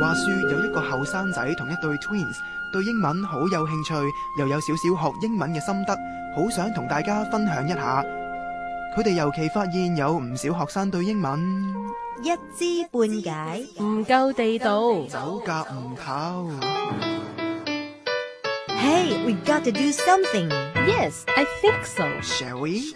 話說有一個後生仔同一對 twins 對英文好有興趣，又有少少學英文嘅心得，好想同大家分享一下。佢哋尤其發現有唔少學生對英文一知半解，唔夠地道，走夾唔好。Hey, we got to do something. Yes, I think so. Shall we?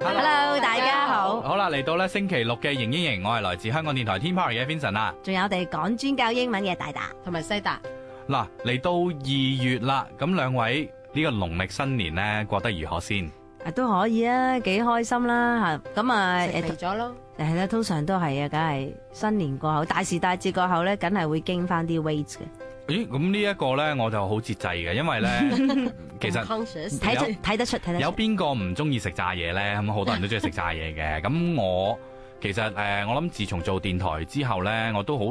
Hello，大家。好啦，嚟到咧星期六嘅熒英營，我係來自香港電台 Teen Power 嘅 Vincent 啦，仲有我哋講專教英文嘅大達同埋西達。嗱，嚟到二月啦，咁兩位呢個農曆新年咧過得如何先？啊，都可以啊，幾開心啦嚇。咁啊，食咗咯，就係咧，通常都係啊，梗係新年過後，大時大節過後咧，梗係會經翻啲 weight 嘅。咦，咁、哎、呢一個咧，我就好節制嘅，因為咧，其實睇 出睇有得出，得出有邊個唔中意食炸嘢咧？咁好多人都中意食炸嘢嘅。咁 我其實誒、呃，我諗自從做電台之後咧，我都好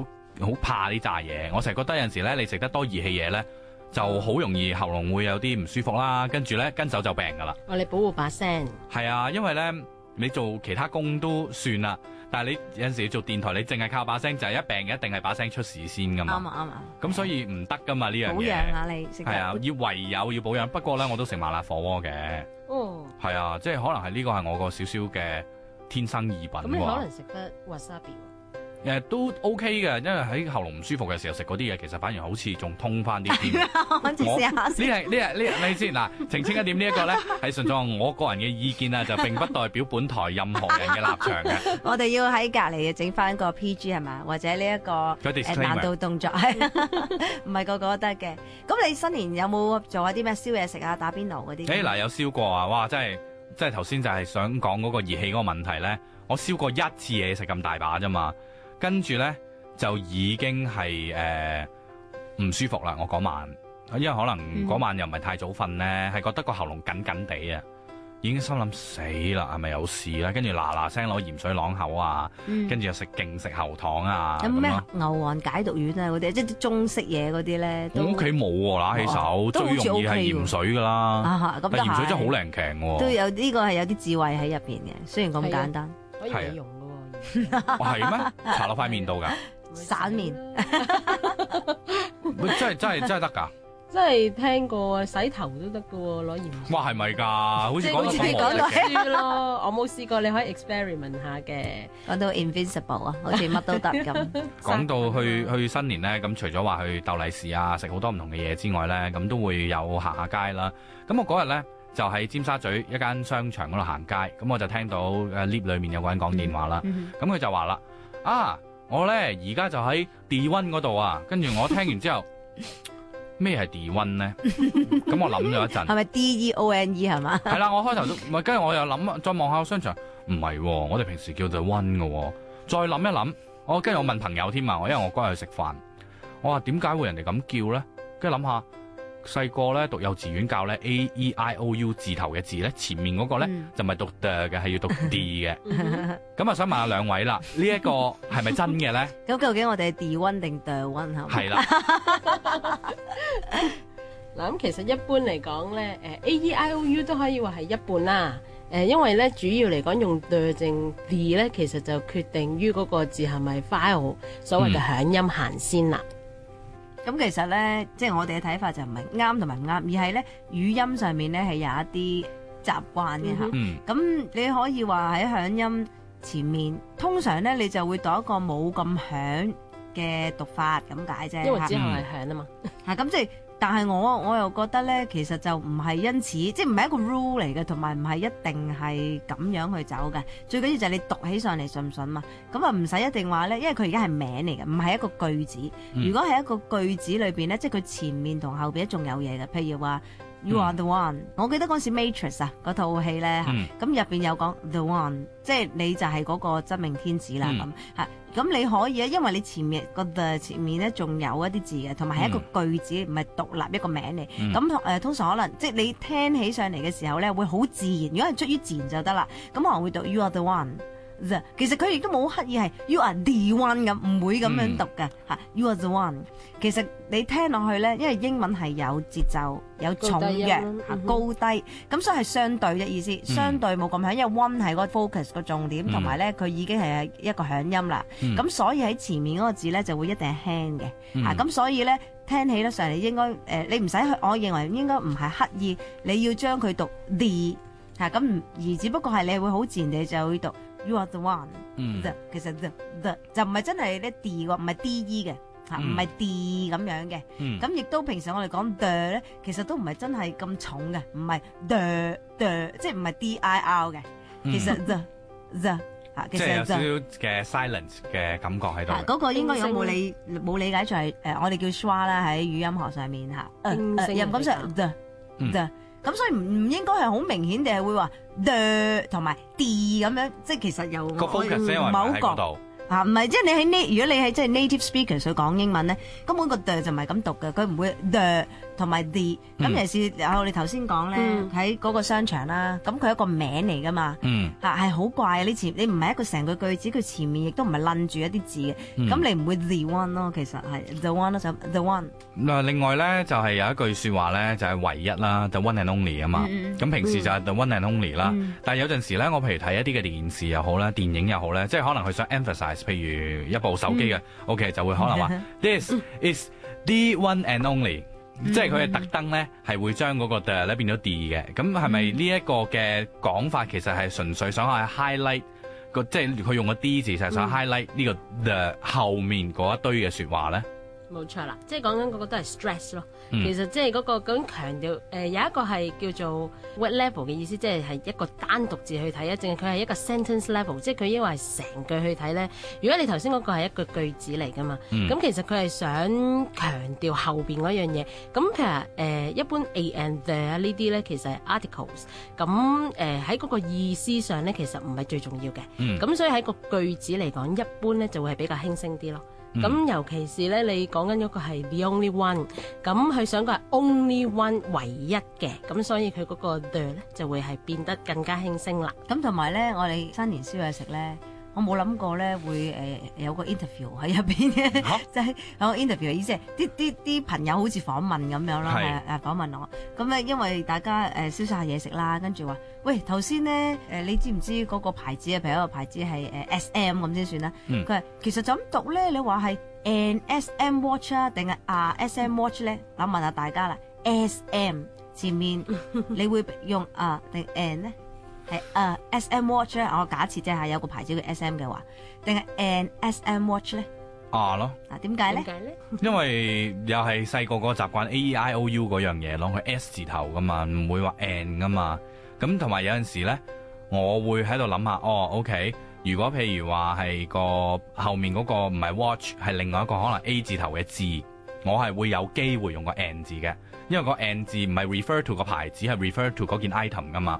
好怕啲炸嘢。我成日覺得有陣時咧，你食得多熱氣嘢咧，就好容易喉嚨會有啲唔舒服啦。跟住咧，跟手就病噶啦。我哋、哦、你保護把聲。係啊，因為咧，你做其他工都算啦。但係你有陣時要做電台，你淨係靠把聲，就係、是、一病嘅一定係把聲出事先噶嘛。啱啊啱啊。咁所以唔得噶嘛呢樣嘢。保養下你，係啊，要、啊、唯有要保養。不過咧，我都食麻辣火鍋嘅。哦。係啊，即係可能係呢個係我個少少嘅天生異稟喎。咁、嗯、你可能食得誒都 OK 嘅，因為喺喉嚨唔舒服嘅時候食嗰啲嘢，其實反而好似仲通翻啲啲。 我呢係呢係呢，你先嗱澄清一點呢一個咧，係純粹我個人嘅意見啊，就並不代表本台任何人嘅立場嘅。 我哋要喺隔離整翻個 P.G 係嘛？或者呢、這個、一個、啊、難度動作唔係 個個都得嘅。咁你新年有冇做一啲咩宵夜食啊、打邊爐嗰啲？誒嗱、欸，有燒過啊！哇，真係即係頭先就係想講嗰個熱氣嗰個問題咧，我燒過一次嘢食咁大把啫嘛。跟住咧就已經係誒唔舒服啦！我嗰晚，因為可能嗰晚又唔係太早瞓咧，係覺得個喉嚨緊緊地啊，已經心諗死啦，係咪有事啊？跟住嗱嗱聲攞鹽水啷口啊，跟住又食勁食喉糖啊，有冇咩牛黃解毒丸啊嗰啲？即係啲中式嘢嗰啲咧。我屋企冇喎，拿起手最容易係鹽水噶啦，但係鹽水真係好靈強喎。都有呢個係有啲智慧喺入邊嘅，雖然咁簡單，可以用。係咩？搽落塊面度噶散面臉、 欸，真係真係真係得噶，真係聽過洗頭都得噶，攞鹽水。哇，係咪噶？ 好似你講到嘅咯，我冇試過，你可以 experiment 下嘅。講到 invincible 啊，好似乜都得咁。講到去去新年咧，咁除咗話去斗利是啊，食好多唔同嘅嘢之外咧，咁都會有行下街啦。咁我嗰日咧。就喺尖沙咀一間商場嗰度行街，咁我就聽到誒 lift 裏面有個人講電話啦。咁佢、嗯嗯、就話啦：啊，我咧而家就喺 D One 嗰度啊！跟住我聽完之後，咩係 D One 咧？咁 我諗咗一陣，係咪 D E O N E 係嘛？係 啦，我開頭都唔係，跟住我又諗再望下個商場，唔係、啊，我哋平時叫做 One 嘅、啊。再諗一諗，我跟住我問朋友添啊，因為我跟佢去食飯，我話點解會人哋咁叫咧？跟住諗下。細個咧讀幼稚園教咧 A E I O U 字頭嘅字咧前面嗰個咧、嗯、就唔係讀嘅係要讀 D 嘅，咁啊 想問下兩位啦，這個、是是呢一個係咪真嘅咧？咁 究竟我哋係 D one 定 D one 吓？係啦，嗱咁 其實一般嚟講咧，誒 A E I O U 都可以話係一半啦，誒因為咧主要嚟講用對正 D 咧，其實就決定於嗰個字係咪 File，所謂嘅響音行先啦。咁其實咧，即係我哋嘅睇法就唔係啱同埋唔啱，而係咧語音上面咧係有一啲習慣嘅嚇。咁、嗯、哼你可以話喺響音前面，通常咧你就會讀一個冇咁響嘅讀法咁解啫。因為之後係響啊嘛。係、 嗯。咁即係。但係我我又覺得咧，其實就唔係因此，即係唔係一個 rule 嚟嘅，同埋唔係一定係咁樣去走嘅。最緊要就係你讀起上嚟信唔信嘛？咁啊唔使一定話咧，因為佢而家係名嚟嘅，唔係一個句子。嗯、如果喺一個句子裏邊咧，即係佢前面同後邊仲有嘢嘅，譬如話。You are the one。 我記得嗰陣時《Matrix》啊，嗰套戲咧嚇，咁入邊有講 the one，即係你就係嗰個真命天子啦咁嚇。咁、 啊、你可以啊，因為你前面個 the 前面咧仲有一啲字嘅，同埋係一個句子，唔係獨立一個名嚟。咁誒、 呃、通常可能即係你聽起上嚟嘅時候咧，會好自然。如果係出於自然就得啦。咁可能會讀 You are the one。The，其實佢亦都冇刻意係 You are the one 咁，唔會咁樣讀嘅嚇。嗯、You are the one。其實你聽落去咧，因為英文係有節奏、有重嘅、高低咁，嗯、低所以係相對嘅意思，相對冇咁響。因為 one 係嗰個 focus 個重點，同埋咧佢已經係一個響音啦。咁、嗯、所以喺前面嗰個字咧就會一定係輕嘅嚇。咁、嗯啊、所以咧聽起得上嚟應該誒、呃，你唔使去，我認為應該唔係刻意你要將佢讀 the 咁、啊，而只不過係你會好自然地就會讀。You are the one，就其實就 the 就唔係真係咧 d 喎，唔係 de 嘅嚇，唔係 d 咁樣嘅。咁亦都平常我哋講 the 咧，其實都唔係真係咁重嘅，唔係 the the，即係唔係 d i r 嘅。其實 the the 嚇，其實有少少嘅 silence 嘅感覺喺度。嗱，嗰個應該有冇理冇理解就係誒，我哋叫 schwa 啦，喺語音學上面嚇。音聲。音聲。音感上 the the。咁所以唔唔應該係好明顯地係會話 the 同埋 d 咁樣，即係其實有個 focus 喺嗰度。嚇，唔係，即係你喺呢，如果你喺即係 native speakers 去講英文咧，根本個 the 就唔係咁讀嘅，佢唔會 the。同埋 the 咁，尤其是我哋頭先講咧喺嗰個商場啦。咁佢一個名嚟㗎嘛，嚇係好怪啊，你前，你唔係一個成句句子，佢前面亦都唔係攬住一啲字嘅。咁、mm. 你唔會 the one 咯，其實係 the one 咯、so，就 the one。嗱，另外咧就係有一句説話咧就係、是、唯一啦就 the one and only 啊嘛。咁平時就係 the one and only 啦，但係有陣時咧，我譬如睇一啲嘅電視又好啦，電影又好咧，即係可能佢想 emphasize，譬如一部手機嘅、mm.，OK 就會可能話 this is the one and only。即係佢嘅特登咧，係、嗯、會將個是是個咧變咗 d 嘅。咁係咪呢一個嘅講法其實係純粹想喺 highlight 個即係佢用個 d 字就係想 highlight 呢個 t 後面一堆嘅說話咧？冇錯啦，即係講緊嗰個都係 stress 咯。嗯、其實即係嗰個咁強調，誒、呃、有一個係叫做 word level 嘅意思，即係係一個單獨字去睇啊。淨係佢係一個 sentence level，即係佢因為成句去睇咧。如果你頭先嗰個係一個句子嚟噶嘛，咁、嗯、其實佢係想強調後邊嗰樣嘢。咁其實誒一般 a and the 呢啲咧，其實係 articles。咁誒喺嗰個意思上咧，其實唔係最重要嘅。咁、嗯、所以喺個句子嚟講，一般咧就會係比較輕聲啲咯。咁、嗯、尤其是咧，你講緊嗰個係 the only one，咁佢想講係 only one 唯一嘅，咁所以佢嗰個 the 咧就會係變得更加輕聲啦。咁同埋咧，我哋新年宵夜食咧。我冇諗過咧會誒、呃、有個 interview 喺入邊嘅，啊、 就係、是、有 interview 意思係啲啲啲朋友好似訪問咁樣啦，誒訪是、啊、問我，咁咧因為大家誒、呃、消晒下嘢食啦，跟住話，喂頭先咧誒你知唔知嗰個牌子啊，譬如一個牌子係誒、呃、S M 咁先算啦，佢話其實就咁讀咧？你話係 an S M watch 啊，定係啊 S M watch 咧？我問下大家啦，S M 前面 你會用 a，啊定 an 咧？係 s、uh, M watch 咧，我假設即係有個牌子叫 S M 嘅話，定係 N S M watch 咧？啊，咯啊，咯啊，點解咧？因為又係細個個習慣 A E I O U 嗰樣嘢咯，佢 S 字頭噶嘛，唔會話 N 噶嘛。咁同埋有陣時咧，我會喺度諗下，哦，OK，如果譬如話係個後面嗰個唔係 watch 係另外一個可能 A 字頭嘅字，我係會有機會用個 N 字嘅，因為個 N 字唔係 refer to 個牌子，係 refer to 嗰件 item 噶嘛。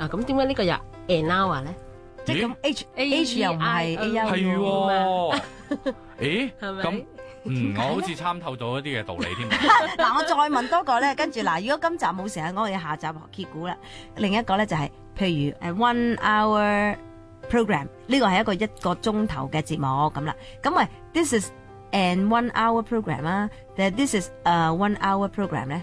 啊，咁點解呢個又 an hour 咧？即係咁 h a h 又唔係 a u 咯？係喎，誒咁，我好似參透到一啲嘅道理添。嗱，我再問多個咧，跟住嗱，如果今集冇成日講，我哋下集揭股啦。另一個咧就係，譬如誒 one hour program 呢個係一個一個鐘頭嘅節目咁啦。咁喂，this is an one hour program 啊，定係 this is a one hour program 咧？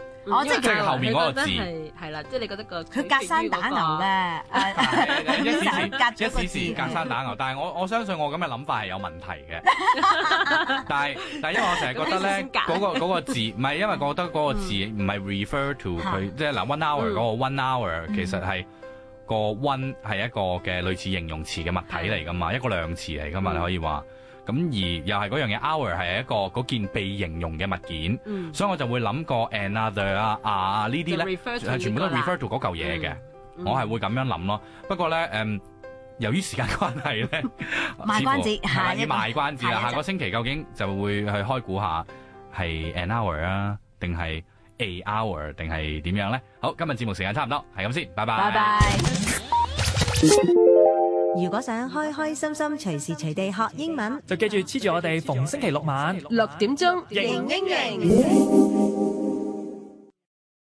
我即係後面嗰個字係啦，即係你覺得個佢隔山打牛咧，一詞是隔山打牛，但係我我相信我咁嘅諗法係有問題嘅。但係但係因為我成日覺得咧嗰個字，唔係因為覺得嗰個字唔係 refer to 佢，即係嗱 one hour 嗰個 one hour 其實係個 one 係一個嘅類似形容詞嘅物體嚟噶嘛，一個量詞嚟噶嘛，你可以話。咁而又係嗰樣嘢 hour 係一個嗰件被形容嘅物件，所以我就會諗個 another 啊，呢啲咧，係全部都 refer to 嗰嚿嘢嘅，我係會咁樣諗咯。不過咧，誒，由於時間關係咧，賣關子，下要賣關子啦。下個星期究竟就會去開估下，係 an hour 啊，定係 a hour，定係點樣咧？好，今日節目時間差唔多，係咁先，拜拜，拜拜。如果想開開心心隨時隨地學英文，就記住黐住我哋逢星期六晚六點鐘認英認。